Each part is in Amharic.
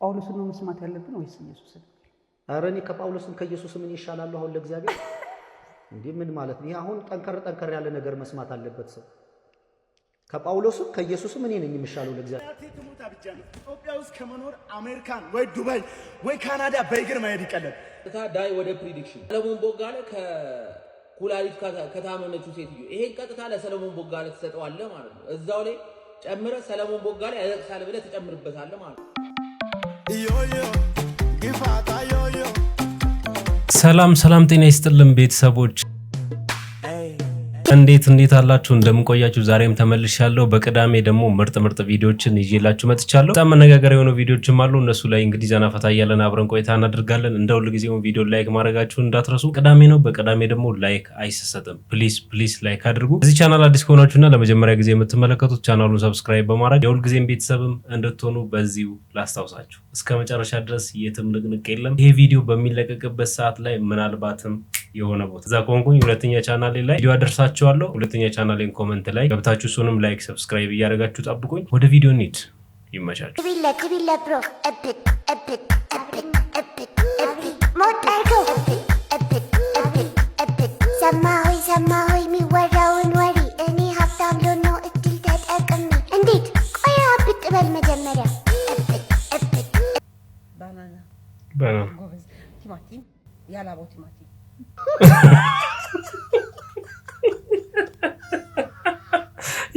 ጳውሎስን ነው መስማት ያለብን ወይስ ኢየሱስን? ኧረ እኔ ከጳውሎስም ከኢየሱስም ምን ይሻላል? አሁን ለእግዚአብሔር እንዲህ ምን ማለት ነው? አሁን ጠንከር ጠንከር ያለ ነገር መስማት አለበት ሰው። ከጳውሎስም ከኢየሱስም እኔ ነኝ የሚሻለው ለእግዚአብሔር። ኢትዮጵያ ውስጥ ከመኖር አሜሪካን ወይ ዱባይ ወይ ካናዳ በእግር መሄድ ይቀለል። ዳይ ወደ ፕሪዲክሽን ሰለሞን ቦጋለ ከኩላሊት ከታመመችው ሴትዮ ይሄን ቀጥታ ለሰለሞን ቦጋለ ትሰጠዋለህ ማለት ነው። እዛው ላይ ጨምረ ሰለሞን ቦጋለ ያለቅሳል ብለህ ትጨምርበታለህ ማለት ነው። ሰላም ሰላም፣ ጤና ይስጥልን ቤተሰቦች እንዴት እንዴት አላችሁ? እንደምንቆያችሁ ዛሬም ተመልሻለሁ። በቅዳሜ ደግሞ ምርጥ ምርጥ ቪዲዮችን ይዤላችሁ መጥቻለሁ። በጣም መነጋገር የሆኑ ቪዲዮችም አሉ። እነሱ ላይ እንግዲህ ዘና ፈታ እያለን አብረን ቆይታ እናደርጋለን። እንደ ሁል ጊዜ ቪዲዮ ላይክ ማድረጋችሁን እንዳትረሱ። ቅዳሜ ነው። በቅዳሜ ደግሞ ላይክ አይሰሰጥም። ፕሊስ ፕሊስ ላይክ አድርጉ። እዚህ ቻናል አዲስ ከሆናችሁና ለመጀመሪያ ጊዜ የምትመለከቱት ቻናሉን ሰብስክራይብ በማድረግ የሁል ጊዜም ቤተሰብም እንድትሆኑ በዚሁ ላስታውሳችሁ። እስከ መጨረሻ ድረስ የትም ንቅንቅ የለም። ይሄ ቪዲዮ በሚለቀቅበት ሰዓት ላይ ምናልባትም የሆነ ቦታ እዛ ከሆንኩኝ ሁለተኛ ቻናሌ ላይ ቪዲዮ አደርሳችሁ እላችኋለሁ። ሁለተኛ ቻናሌን ኮመንት ላይ ገብታችሁ እሱንም ላይክ፣ ሰብስክራይብ እያደረጋችሁ ጠብቁኝ። ወደ ቪዲዮ ኒድ ይመቻችሁ።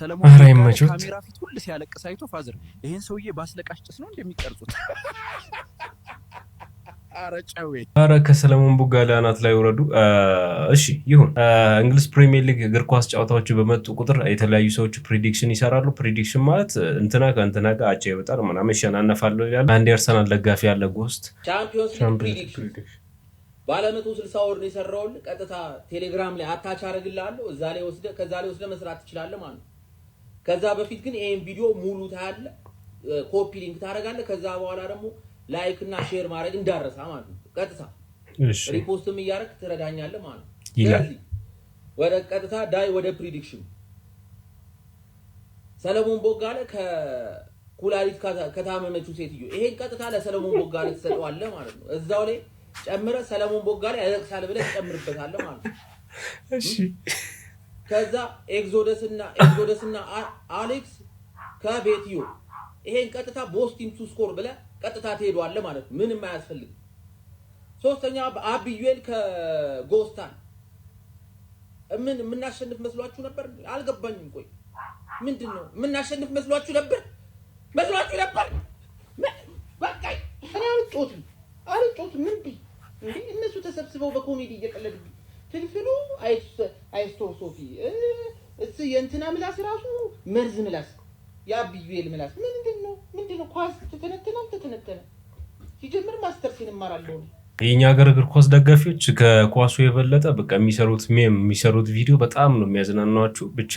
ሰለሞን ካሜራ ፊት ሁሉ ሲያለቅስ አይቶ ፋዘር ይሄን ሰውዬ ባስለቃሽ ጭስ ነው እንደሚቀርጹት። አረ ከሰለሞን ቦጋለ አናት ላይ ወረዱ። እሺ ይሁን። እንግሊዝ ፕሪሚየር ሊግ እግር ኳስ ጨዋታዎች በመጡ ቁጥር የተለያዩ ሰዎች ፕሪዲክሽን ይሰራሉ። ፕሪዲክሽን ማለት እንትና ከእንትና ጋር አቻ ይወጣል ምናምን ይሸናነፋሉ ይላሉ። አንድ የአርሰናል ደጋፊ ያለ ጎስት ባለ መቶ ስልሳ ወር ነው የሰራውን ቀጥታ ቴሌግራም ላይ አታች አረግላለሁ። እዛ ላይ ወስደ ከዛ ላይ ወስደ መስራት ትችላለህ ማለት ነው። ከዛ በፊት ግን ይሄን ቪዲዮ ሙሉ ታያለ፣ ኮፒ ሊንክ ታደርጋለ ከዛ በኋላ ደግሞ ላይክ እና ሼር ማድረግ እንዳረሳ ማለት ነው። ቀጥታ ሪፖስትም እያደረግ ትረዳኛለ ማለት ነው። ስለዚህ ወደ ቀጥታ ዳይ ወደ ፕሪዲክሽን ሰለሞን ቦጋለ ኩላሊት ከታመመችው ሴትዮ ይሄን ቀጥታ ለሰለሞን ቦጋለ ትሰጠዋለህ ማለት ነው። እዛው ላይ ጨምረ ሰለሞን ቦጋለ ያለቅሳል ብለህ ትጨምርበታለህ ማለት ነው። እሺ ከዛ ኤግዞደስና ኤግዞደስና አሌክስ ከቤትዩ ይሄን ቀጥታ ቦስቲም ቱ ስኮር ብለ ቀጥታ ትሄዷለ ማለት ነው። ምንም አያስፈልግም። ሶስተኛ አብዩኤል ከጎስታን ምን የምናሸንፍ መስሏችሁ ነበር? አልገባኝም። ቆይ ምንድን ነው የምናሸንፍ መስሏችሁ ነበር? መስሏችሁ ነበር? በቃ አልጮትም አልጮትም። እንዴ እነሱ ተሰብስበው በኮሜዲ እየቀለድብኝ ፍልፍሉ ሶፊ እስ የእንትና ምላስ ራሱ መርዝ ምላስ የአብዩኤል ምላስ ምንድን ነው? ምንድን ነው? ኳስ ተተነተናል ተተነተነ ሲጀምር ማስተርስ ይንማራለሁ የኛ ሀገር እግር ኳስ ደጋፊዎች ከኳሱ የበለጠ በቃ የሚሰሩት ሜም የሚሰሩት ቪዲዮ በጣም ነው የሚያዝናናችሁ። ብቻ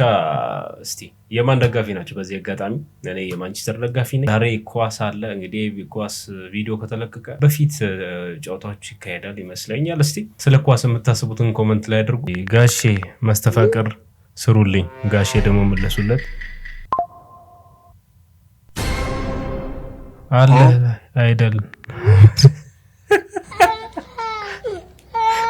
እስቲ የማን ደጋፊ ናቸው? በዚህ አጋጣሚ እኔ የማንቸስተር ደጋፊ ነኝ። ዛሬ ኳስ አለ እንግዲህ ኳስ ቪዲዮ ከተለቀቀ በፊት ጨዋታዎች ይካሄዳል ይመስለኛል። እስቲ ስለ ኳስ የምታስቡትን ኮመንት ላይ አድርጉ። ጋሼ መስተፋቅር ስሩልኝ፣ ጋሼ ደግሞ መለሱለት አለ አይደል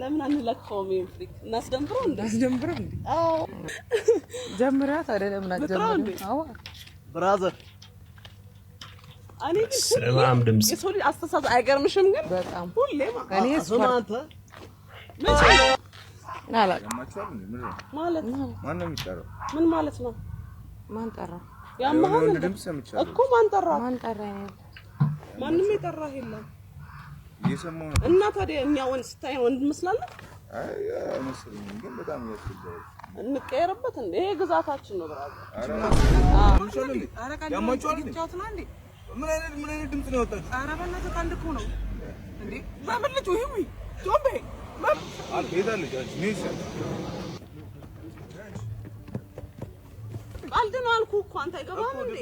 ለምን አንለካውም? ይሄን ፍሪክ እናስደምብረው እንዴ? እናስደምብረው እንዴ? አዎ፣ ጀምራት አይደለም እናጀምረው። ብራዘር ስማም ድምፅ የሰው ልጅ አስተሳሰብ አይገርምሽም? ግን በጣም ሁሌ እኔ ስማንተ ማለት ነው። ምን ማለት ነው? ማን ጠራ? ያማሁን ድምፅ ሰምቻለሁ እኮ ማን ጠራ? ማን ጠራ? ማንም የጠራህ የለም። እና ታዲያ እኛ ወንድ ስታይ ወንድ እንመስላለን? አይ አይመስለኝም፣ ግን በጣም ያስፈልጋል። እንቀየርበት እንዴ? ይሄ ግዛታችን ነው ብራዘር። ምን ነው ቀልድ ነው አልኩህ እኮ አንተ አይገባህም እንዴ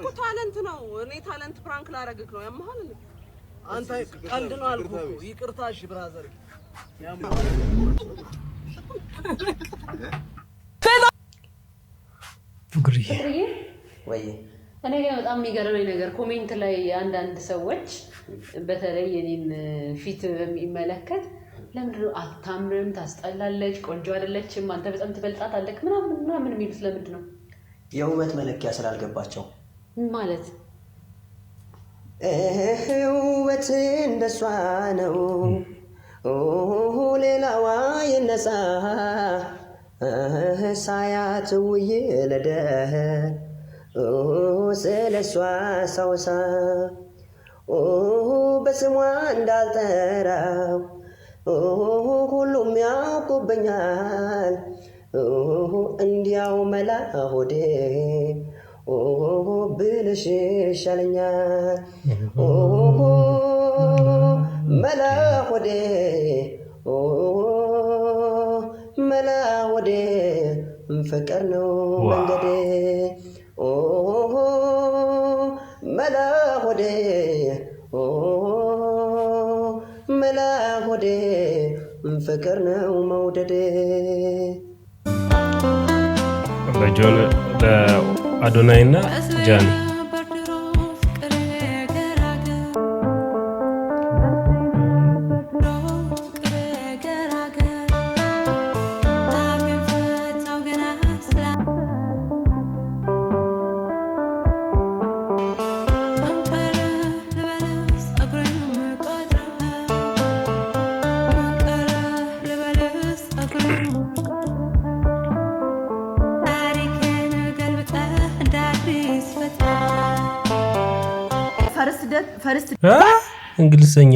እኮ ታለንት ነው። እኔ ታለንት ፕራንክ ላደርግህ ነው ያመሀል አንተ ቀልድ ነው አልኩህ እኮ ይቅርታ። እሺ ብራዘር እኔ ግን በጣም የሚገርመኝ ነገር ኮሜንት ላይ አንዳንድ ሰዎች በተለይ የኔን ፊት የሚመለከት ለምንድነው አታምርም፣ ታስጠላለች፣ ቆንጆ አይደለችም፣ አንተ በጣም ትበልጣት አለክ ምናምን ምናምን የሚሉት ለምንድን ነው? የውበት መለኪያ ስላልገባቸው ማለት ውበት እንደሷ ነው ሌላዋ የነሳ ሳያት ውይ ለደህ ስለሷ ሳውሳ በስሟ እንዳልጠራው ሁሉም ያውቁብኛል እንዲያው መላ ሆዴ ብልሽ ይሻለኛል መላ ወዴ መላ ወዴ ፍቅር ነው መንገዴ መላ ወዴ መላ ወዴ ፍቅር ነው መውደዴ አዶናይና ጃኒ እንግሊዝኛ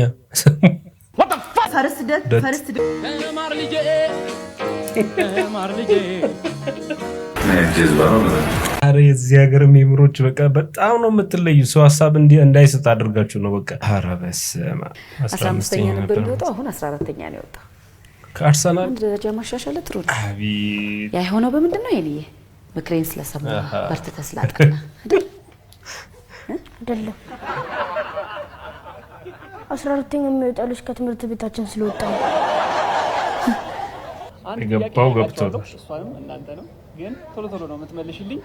ኧረ የዚህ ሀገር ሜምሮች በቃ በጣም ነው የምትለዩ። ሰው ሀሳብ እንዳይሰጥ አድርጋችሁ ነው በቃ። ኧረ በስመ አብ ከአርሰናል ደረጃ ጥሩ ነው። ያ የሆነው በምንድን ነው? የኔ ምክሬን ስለሰማ በርትተህ ስላጠና አይደለም አስራ አራተኛ የሚወጣው ልጅ ከትምህርት ቤታችን ስለወጣ የገባው ገብቶ እሷንም ግን ቶሎ ቶሎ ነው የምትመልሽልኝ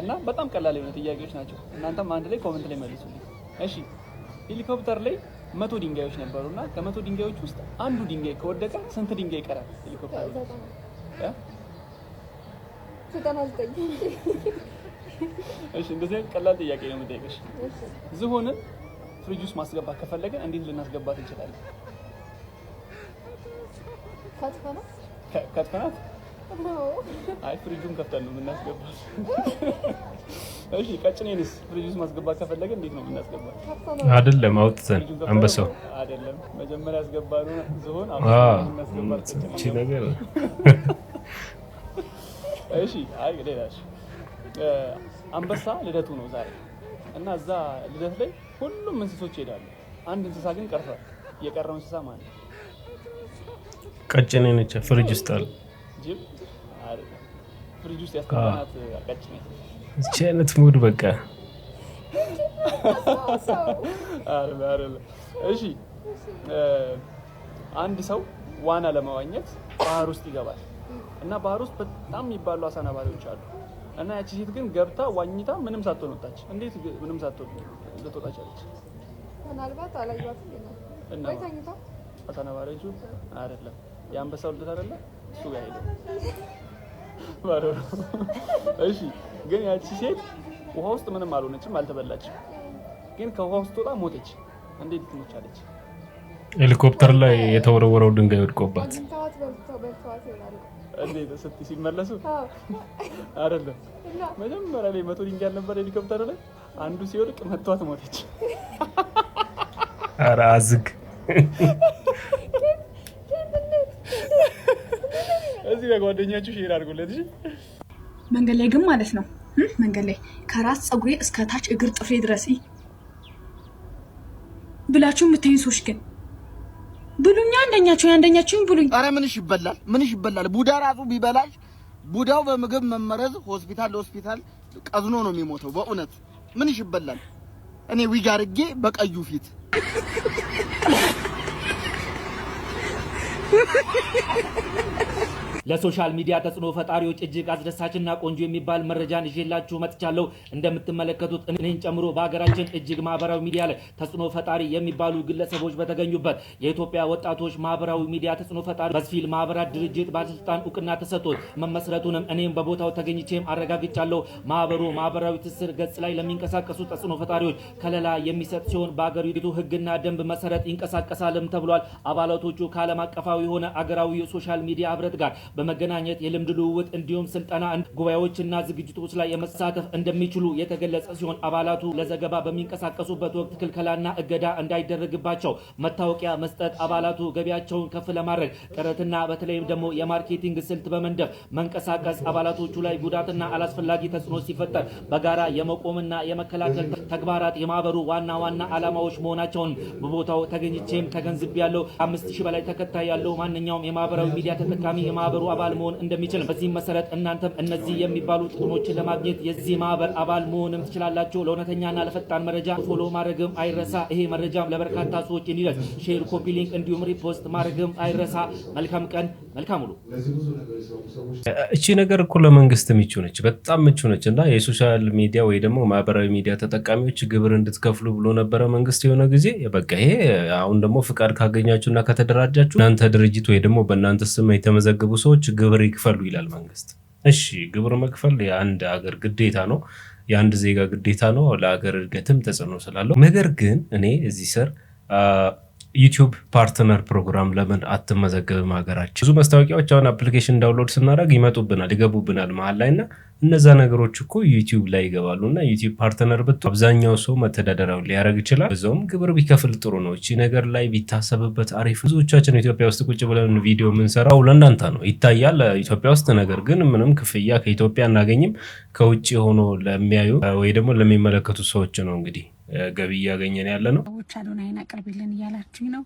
እና በጣም ቀላል የሆነ ጥያቄዎች ናቸው። እናንተም አንድ ላይ ኮመንት ላይ መልሱልኝ። እሺ ሄሊኮፕተር ላይ መቶ ድንጋዮች ነበሩ እና ከመቶ ድንጋዮች ውስጥ አንዱ ድንጋይ ከወደቀ ስንት ድንጋይ ይቀራል? ሄሊኮፕተር እሺ እንደዚህ ቀላል ጥያቄ ነው የምጠይቀሽ ዝሆንን ፍሪጅ ውስጥ ማስገባት ከፈለግን እንዴት ልናስገባት እንችላለን? ከትፈናት አይ ፍሪጁን ከፍተን ነው የምናስገባት። እሺ ቀጭኔንስ ፍሪጅ ውስጥ ማስገባት ከፈለገ እንዴት ነው የምናስገባት? አይደለም አውጥተን አንበሳው አይደለም መጀመሪያ ያስገባነው ዝሆን አሁን ነገር እሺ አይ ሌላሽ አንበሳ ልደቱ ነው ዛሬ እና እዛ ልደት ላይ ሁሉም እንስሶች ይሄዳሉ። አንድ እንስሳ ግን ቀርቷል። የቀረው እንስሳ ማለት ቀጭኔ ነች። ፍሪጅ ውስጥ አለ። ፍሪጅ ውስጥ ቀጭኔ። እቺ አይነት ሙድ በቃ እሺ። አንድ ሰው ዋና ለመዋኘት ባህር ውስጥ ይገባል እና ባህር ውስጥ በጣም የሚባሉ አሳ ነባሪዎች አሉ እና ያቺ ሴት ግን ገብታ ዋኝታ ምንም ሳትሆን ወጣች። እንዴት ምንም ሳትሆን ልትወጣች አለች? ምናልባት አላየኋትም እና ወይ ተኝታ አታነባረጁ አይደለም የአንበሳው ልደት አይደለም እሱ ጋር ሄደ ባዶ ነው። እሺ ግን ያቺ ሴት ውሃ ውስጥ ምንም አልሆነችም፣ አልተበላችም። ግን ከውሃ ውስጥ ወጣ ሞተች። እንዴት ትሞቻለች? ሄሊኮፕተር ላይ የተወረወረው ድንጋይ ወድቆባት እንዴት ሲመለሱ አይደለም መጀመሪያ ላይ መቶ ድንጋይ አልነበረ ሄሊኮፕተር ላይ አንዱ ሲወድቅ መቷት ሞተች። ኧረ አዝግ እዚህ በጓደኛችሁ ሼር አድርጉለት። መንገድ ላይ ግን ማለት ነው መንገድ ላይ ከራስ ፀጉሬ እስከ ታች እግር ጥፍሬ ድረስ ብላችሁ የምትይኝ ሰዎች ግን ብሉኛ አንደኛችሁ አንደኛችሁ ብሉኝ። አረ ምንሽ ይበላል? ምንሽ ይበላል? ቡዳ ራሱ ቢበላሽ ቡዳው በምግብ መመረዝ ሆስፒታል ለሆስፒታል ቀዝኖ ነው የሚሞተው። በእውነት ምንሽ ይበላል? እኔ ዊግ አድርጌ በቀዩ ፊት ለሶሻል ሚዲያ ተጽዕኖ ፈጣሪዎች እጅግ አስደሳችና ቆንጆ የሚባል መረጃን ይዤላችሁ መጥቻለሁ። እንደምትመለከቱት እኔን ጨምሮ በሀገራችን እጅግ ማህበራዊ ሚዲያ ላይ ተጽዕኖ ፈጣሪ የሚባሉ ግለሰቦች በተገኙበት የኢትዮጵያ ወጣቶች ማህበራዊ ሚዲያ ተጽዕኖ ፈጣሪ በስፊል ማህበራት ድርጅት ባለስልጣን እውቅና ተሰጥቶት መመስረቱንም እኔም በቦታው ተገኝቼም አረጋግጫለሁ። ማህበሩ ማህበራዊ ትስስር ገጽ ላይ ለሚንቀሳቀሱ ተጽዕኖ ፈጣሪዎች ከለላ የሚሰጥ ሲሆን በአገሪቱ ህግና ደንብ መሰረት ይንቀሳቀሳልም ተብሏል። አባላቶቹ ከዓለም አቀፋዊ የሆነ አገራዊ ሶሻል ሚዲያ ህብረት ጋር በመገናኘት የልምድ ልውውጥ እንዲሁም ስልጠና ጉባኤዎችና ዝግጅቶች ላይ የመሳተፍ እንደሚችሉ የተገለጸ ሲሆን አባላቱ ለዘገባ በሚንቀሳቀሱበት ወቅት ክልከላና እገዳ እንዳይደረግባቸው መታወቂያ መስጠት፣ አባላቱ ገቢያቸውን ከፍ ለማድረግ ጥረትና በተለይም ደግሞ የማርኬቲንግ ስልት በመንደፍ መንቀሳቀስ፣ አባላቶቹ ላይ ጉዳትና አላስፈላጊ ተጽዕኖ ሲፈጠር በጋራ የመቆምና የመከላከል ተግባራት የማህበሩ ዋና ዋና ዓላማዎች መሆናቸውን በቦታው ተገኝቼም ያለው አምስት ሺህ በላይ ተከታይ ያለው ማንኛውም የማህበራዊ ሚዲያ ተጠቃሚ የማህበሩ አባል መሆን እንደሚችል በዚህ መሰረት እናንተም እነዚህ የሚባሉ ጥቅሞችን ለማግኘት የዚህ ማህበር አባል መሆንም ትችላላችሁ። ለእውነተኛና ለፈጣን መረጃ ፎሎ ማድረግም አይረሳ። ይሄ መረጃም ለበርካታ ሰዎች እንዲደርስ ሼር፣ ኮፒ ሊንክ እንዲሁም ሪፖስት ማድረግም አይረሳ። መልካም ቀን፣ መልካም ውሎ። እቺ ነገር እኮ ለመንግስት ምቹ ነች፣ በጣም ምቹ ነች እና የሶሻል ሚዲያ ወይ ደግሞ ማህበራዊ ሚዲያ ተጠቃሚዎች ግብር እንድትከፍሉ ብሎ ነበረ መንግስት የሆነ ጊዜ። በቃ ይሄ አሁን ደግሞ ፍቃድ ካገኛችሁ እና ከተደራጃችሁ እናንተ ድርጅት ወይ ደግሞ በእናንተ ስም የተመዘገቡ ሰዎች ሰዎች ግብር ይክፈሉ ይላል መንግስት። እሺ ግብር መክፈል የአንድ ሀገር ግዴታ ነው፣ የአንድ ዜጋ ግዴታ ነው። ለሀገር እድገትም ተጽዕኖ ስላለው። ነገር ግን እኔ እዚህ ስር ዩቲዩብ ፓርትነር ፕሮግራም ለምን አትመዘገብም? ሀገራችን ብዙ መስታወቂያዎች አሁን አፕሊኬሽን ዳውንሎድ ስናደርግ ይመጡብናል፣ ይገቡብናል መሀል ላይ እና እነዛ ነገሮች እኮ ዩቲዩብ ላይ ይገባሉ እና ዩቲዩብ ፓርትነር ብቶ አብዛኛው ሰው መተዳደሪያው ሊያደርግ ይችላል። በዛውም ግብር ቢከፍል ጥሩ ነው። እቺ ነገር ላይ ቢታሰብበት አሪፍ። ብዙዎቻችን ኢትዮጵያ ውስጥ ቁጭ ብለን ቪዲዮ የምንሰራው ለእናንተ ነው፣ ይታያል ኢትዮጵያ ውስጥ። ነገር ግን ምንም ክፍያ ከኢትዮጵያ አናገኝም። ከውጭ ሆኖ ለሚያዩ ወይ ደግሞ ለሚመለከቱ ሰዎች ነው እንግዲህ ገቢ እያገኘን ያለ ነው። ሰዎች እያላችሁኝ ነው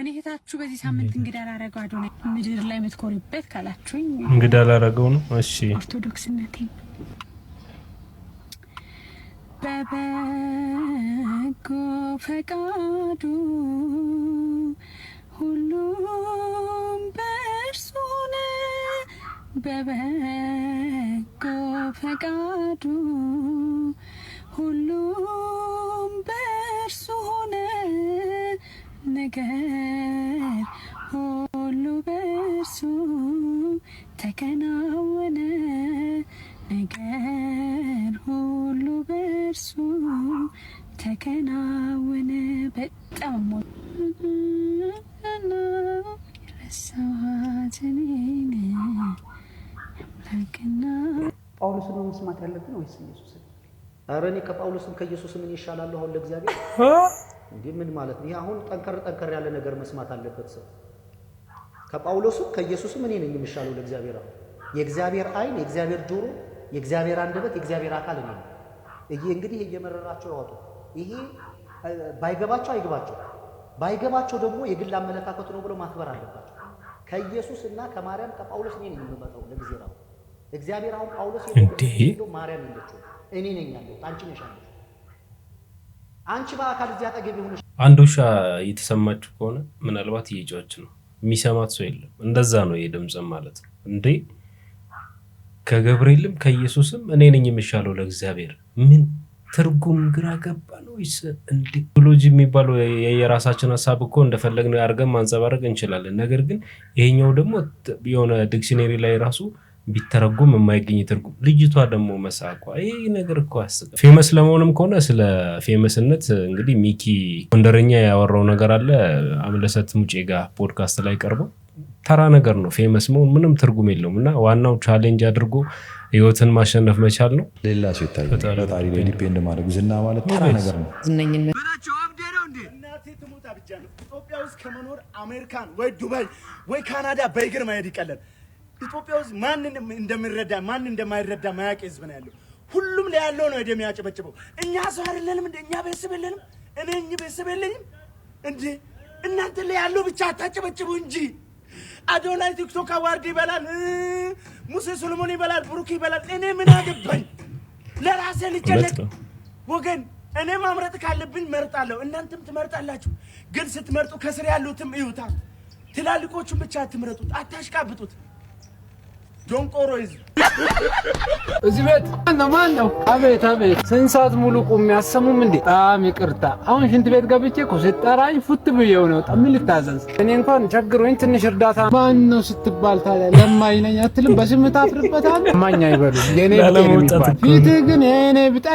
እኔ እህታችሁ በዚህ ሳምንት እንግዳ ላረገው አዶናይ ምድር ላይ የምትኮሪበት ካላችሁኝ እንግዳ ላረገው ነው። እሺ ኦርቶዶክስነቴ በበጎ ፈቃዱ ሁሉም በእርሱ ነ በበጎ ፈቃዱ ሁሉም በእርሱ ሆነ ነገር ሁሉ በእርሱ ተከናወነ። ነገር ሁሉ በእርሱ ተከናወነ። በጣም ጳውሎስን ነው መስማት ያለብን ወይስ ኢየሱስን? ኧረ እኔ ከጳውሎስም ከኢየሱስ ምን ይሻላለሁ? አሁን ለእግዚአብሔር እንዴ ምን ማለት ነው? ይህ አሁን ጠንከር ጠንከር ያለ ነገር መስማት አለበት ሰው። ከጳውሎስም ከኢየሱስም እኔ ነኝ የሚሻለው ለእግዚአብሔር አሁን የእግዚአብሔር ዓይን የእግዚአብሔር ጆሮ የእግዚአብሔር አንደበት የእግዚአብሔር አካል እኔ ነኝ። ይህ እንግዲህ እየመረራቸው ያወጡ ይሄ ባይገባቸው አይገባቸው ባይገባቸው ደግሞ የግል አመለካከቱ ነው ብሎ ማክበር አለባቸው። ከኢየሱስ እና ከማርያም ከጳውሎስ እኔ ነኝ የምመጣው ለጊዜ ነው። እግዚአብሔር አሁን ጳውሎስ የለው ማርያም የለችው እኔ ነኝ ያለው አንቺ ነሽ ያለሁት አንቺ በአካል እዚህ አጠገብ ሆነሽ አንድ ውሻ እየተሰማችሁ ከሆነ ምናልባት እየጫዎች ነው። የሚሰማት ሰው የለም። እንደዛ ነው የድምፅ ማለት ነው እንዴ ከገብርኤልም ከኢየሱስም እኔ ነኝ የምሻለው ለእግዚአብሔር። ምን ትርጉም ግራ ገባ ነው ይስ እንዴ ሎጂ የሚባለው የራሳችን ሀሳብ እኮ እንደፈለግነው አድርገን ማንጸባረቅ እንችላለን። ነገር ግን ይሄኛው ደግሞ የሆነ ዲክሽነሪ ላይ ራሱ ቢተረጎም የማይገኝ ትርጉም። ልጅቷ ደግሞ መሳኳ ይህ ነገር እኮ አስቀ ፌመስ ለመሆንም ከሆነ ስለ ፌመስነት እንግዲህ ሚኪ ጎንደረኛ ያወራው ነገር አለ አምለሰት ሙጬ ጋር ፖድካስት ላይ ቀርበው ተራ ነገር ነው። ፌመስ መሆን ምንም ትርጉም የለውም እና ዋናው ቻሌንጅ አድርጎ ህይወትን ማሸነፍ መቻል ነው። ሌላ ሰው ይታያል። ላይ ዲፔንድ ማድረግ ዝና ማለት ተራ ነገር ነው። ዝነኝነት ኢትዮጵያ ውስጥ ከመኖር አሜሪካን ወይ ዱባይ ወይ ካናዳ በእግር ማሄድ ይቀለል ኢትዮጵያ ውስጥ ማንን እንደሚረዳ ማን እንደማይረዳ ማያውቅ ህዝብ ነው ያለው። ሁሉም ላይ ያለው ነው የሚያጨበጭበው። እኛ ሰው አይደለንም እንደ እኛ ቤተሰብ የለንም። እኔ ቤተሰብ የለኝም እንዴ? እናንተ ላይ ያለው ብቻ አታጨበጭቡ እንጂ አዶናይ ቲክቶክ አዋርድ ይበላል፣ ሙሴ ሶሎሞን ይበላል፣ ብሩክ ይበላል። እኔ ምን አገባኝ? ለራሴ ልጨነቅ ወገን። እኔ ማምረጥ ካለብኝ መርጣለሁ፣ እናንተም ትመርጣላችሁ። ግን ስትመርጡ ከስር ያሉትም እዩታ። ትላልቆቹን ብቻ አትምረጡት፣ አታሽቃብጡት። ዶንቆሮ ይዝብ እዚህ ቤት አቤት አቤት፣ ስንት ሰዓት ሙሉ ቁሚ አሰሙም እንዴ? በጣም ይቅርታ። አሁን ሽንት ቤት ገብቼ እኮ ስጠራኝ ፉት ብዬው ነው። ልታዘዝ እኔ እንኳን ቸግሮኝ ትንሽ እርዳታ። ማን ነው ስትባል ታዲያ ለማኝ ነኝ አትልም? ለማኝ አይበሉ የኔ ግን የኔ ፊቴ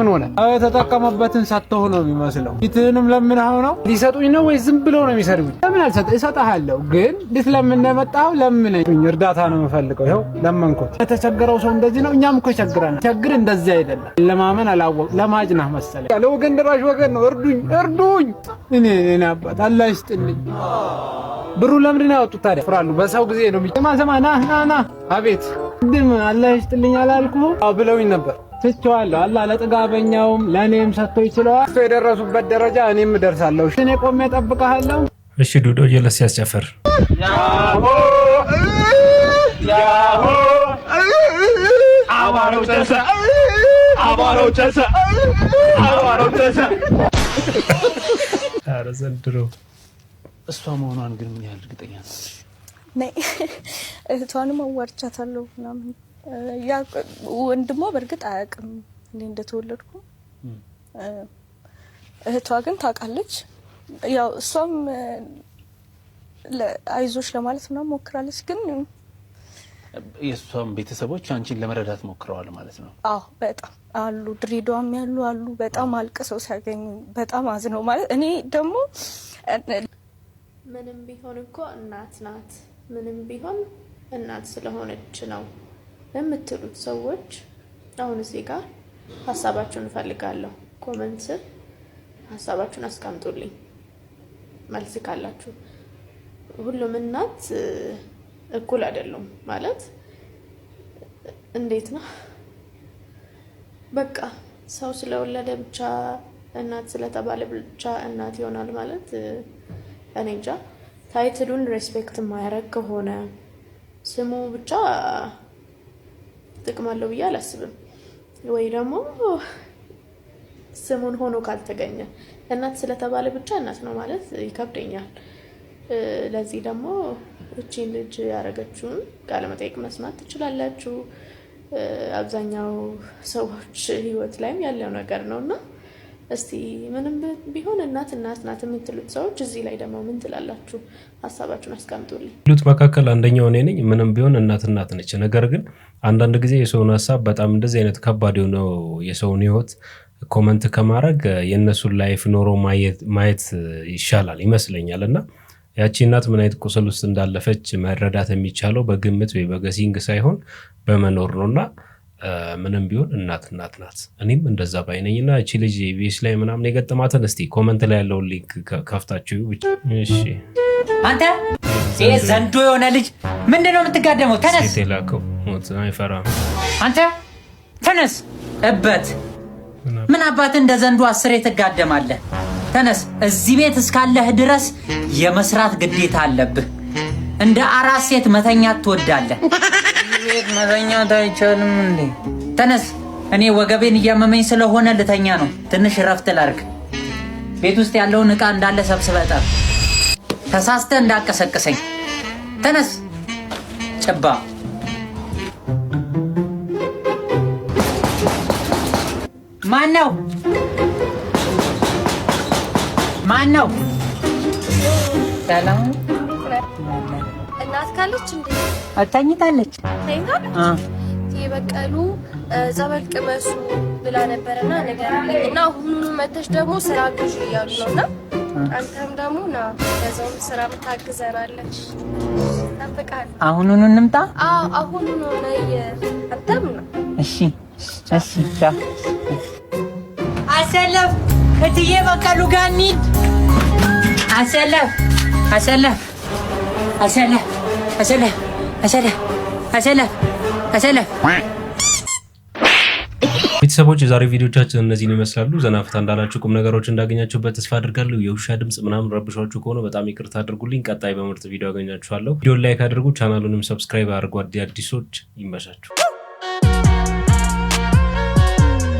ምን ሆነ? የተጠቀመበትን ነው የሚመስለው። ነው ሊሰጡኝ ነው ወይ? ዝም ነው የሚሰድቡኝ። ለምን አልሰጥ? እሰጥሃለሁ፣ ግን ልትለምን ነው የመጣኸው። ለምነኝ፣ እርዳታ ነው የምፈልግ የምፈልገው ይኸው ለመንኩት። የተቸገረው ሰው እንደዚህ ነው። እኛም እኮ ይቸግረናል። ችግር እንደዚህ አይደለም። ለማመን አላወቅ ለማጭና መሰለ ለወገን ደራሽ ወገን ነው። እርዱኝ፣ እርዱኝ። እኔ እኔ አባት አላህ ይስጥልኝ። ብሩ ለምንድን ነው ያወጡት ታዲያ? ፍራሉ በሰው ጊዜ ነው የሚጨማ ሰማ ና ና ና። አቤት ድም አላህ ይስጥልኝ አላልኩ ብለውኝ ነበር። ትቼዋለሁ። አላህ ለጥጋበኛውም ለእኔም ሰጥቶ ይችለዋል። እሱ የደረሱበት ደረጃ እኔም እደርሳለሁ። እኔ ቆሜ እጠብቅሃለሁ። እሺ ዱዶ እየለስ ያስጨፍር ኧረ ዘንድሮ እሷ መሆኗን ግን ምን ያህል እርግጠኛ ነው? ነይ እህቷንም አዋርቻታለሁ ምናምን። ያ ወንድሟ በእርግጥ አያውቅም እኔ እንደተወለድኩ። እህቷ ግን ታውቃለች። ያው እሷም አይዞች ለማለት ምናምን ሞክራለች ግን የእሷም ቤተሰቦች አንቺን ለመረዳት ሞክረዋል ማለት ነው? አዎ በጣም አሉ፣ ድሬዳዋም ያሉ አሉ። በጣም አልቅሰው ሲያገኙ በጣም አዝነው ማለት እኔ ደግሞ ምንም ቢሆን እኮ እናት ናት፣ ምንም ቢሆን እናት ስለሆነች ነው የምትሉት ሰዎች አሁን እዚህ ጋር ሀሳባችሁን እፈልጋለሁ። ኮመንት ስር ሀሳባችሁን አስቀምጡልኝ መልስ ካላችሁ። ሁሉም እናት እኩል አይደሉም ማለት እንዴት ነው? በቃ ሰው ስለወለደ ብቻ እናት ስለተባለ ብቻ እናት ይሆናል ማለት እኔ እንጃ። ታይትሉን ሬስፔክት የማያደርግ ከሆነ ስሙ ብቻ ጥቅም አለው ብዬ አላስብም። ወይ ደግሞ ስሙን ሆኖ ካልተገኘ እናት ስለተባለ ብቻ እናት ነው ማለት ይከብደኛል። ለዚህ ደግሞ እቺን ልጅ ያደረገችውን መጠይቅ መስማት ትችላላችሁ። አብዛኛው ሰዎች ህይወት ላይም ያለው ነገር ነው እና እስቲ ምንም ቢሆን እናት እናት ናት የምትሉት ሰዎች እዚህ ላይ ደግሞ ምን ትላላችሁ? ሀሳባችሁን አስቀምጡልኝ። ሉት መካከል አንደኛው እኔ ነኝ። ምንም ቢሆን እናት እናት ነች። ነገር ግን አንዳንድ ጊዜ የሰውን ሀሳብ በጣም እንደዚህ አይነት ከባድ የሆነው የሰውን ህይወት ኮመንት ከማድረግ የእነሱን ላይፍ ኖሮ ማየት ይሻላል ይመስለኛል እና ያቺ እናት ምን አይነት ቁስል ውስጥ እንዳለፈች መረዳት የሚቻለው በግምት ወይ በገሲንግ ሳይሆን በመኖር ነው እና ምንም ቢሆን እናት እናት ናት። እኔም እንደዛ ባይነኝ እና እቺ ልጅ ቤስ ላይ ምናምን የገጠማትን እስቲ ኮመንት ላይ ያለውን ሊንክ ከፍታችሁ አንተ ዘንዶ የሆነ ልጅ ምንድነው የምትጋደመው? ተነስ ላከው አንተ ተነስ እበት ምን አባት እንደ ዘንዶ አስሬ ትጋደማለህ? ተነስ። እዚህ ቤት እስካለህ ድረስ የመስራት ግዴታ አለብህ። እንደ አራት ሴት መተኛት ትወዳለህ። ቤት መተኛት አይቻልም እንዴ? ተነስ። እኔ ወገቤን እያመመኝ ስለሆነ ልተኛ ነው። ትንሽ እረፍት ላርግ። ቤት ውስጥ ያለውን ዕቃ እንዳለ ሰብስበህ ተሳስተ እንዳቀሰቅሰኝ። ተነስ ጭባ ማን ነው? ማን ነው? ሰላም እናት ካለች እንዴ? አታኝታለች። የበቀሉ ጸበል ቅመሱ ብላ ነበረና ነገር እና ሁሉንም መተሽ ደግሞ ስራ ግዥ እያሉ ነውና አንተም ደግሞ ና በዛውም ስራ ምታግዘናለች። እጠብቃለሁ። አሁኑኑ እንምጣ። አዎ አሁኑኑ ነይ። አንተም ና። እሺ እሺ። አሰለፍ እትዬ በቀሉ ጋር እንሂድ። አሰለፍ አሰለፍ አሰለፍ አሰለፍ አሰለፍ አሰለፍ አሰለፍ ቤተሰቦች የዛሬ ቪዲዮቻችን እነዚህን ይመስላሉ። ዘናፍታ እንዳላችሁ ቁም ነገሮች እንዳገኛችሁበት ተስፋ አድርጋለሁ። የውሻ ድምፅ ምናምን ረብሻችሁ ከሆነ በጣም ይቅርታ አድርጉልኝ። ቀጣይ በምርጥ ቪዲዮ አገኛችኋለሁ። ቪዲዮን ላይክ አድርጉ፣ ቻናሉንም ሰብስክራይብ አድርጉ። አዲሶች ይመሻችሁ።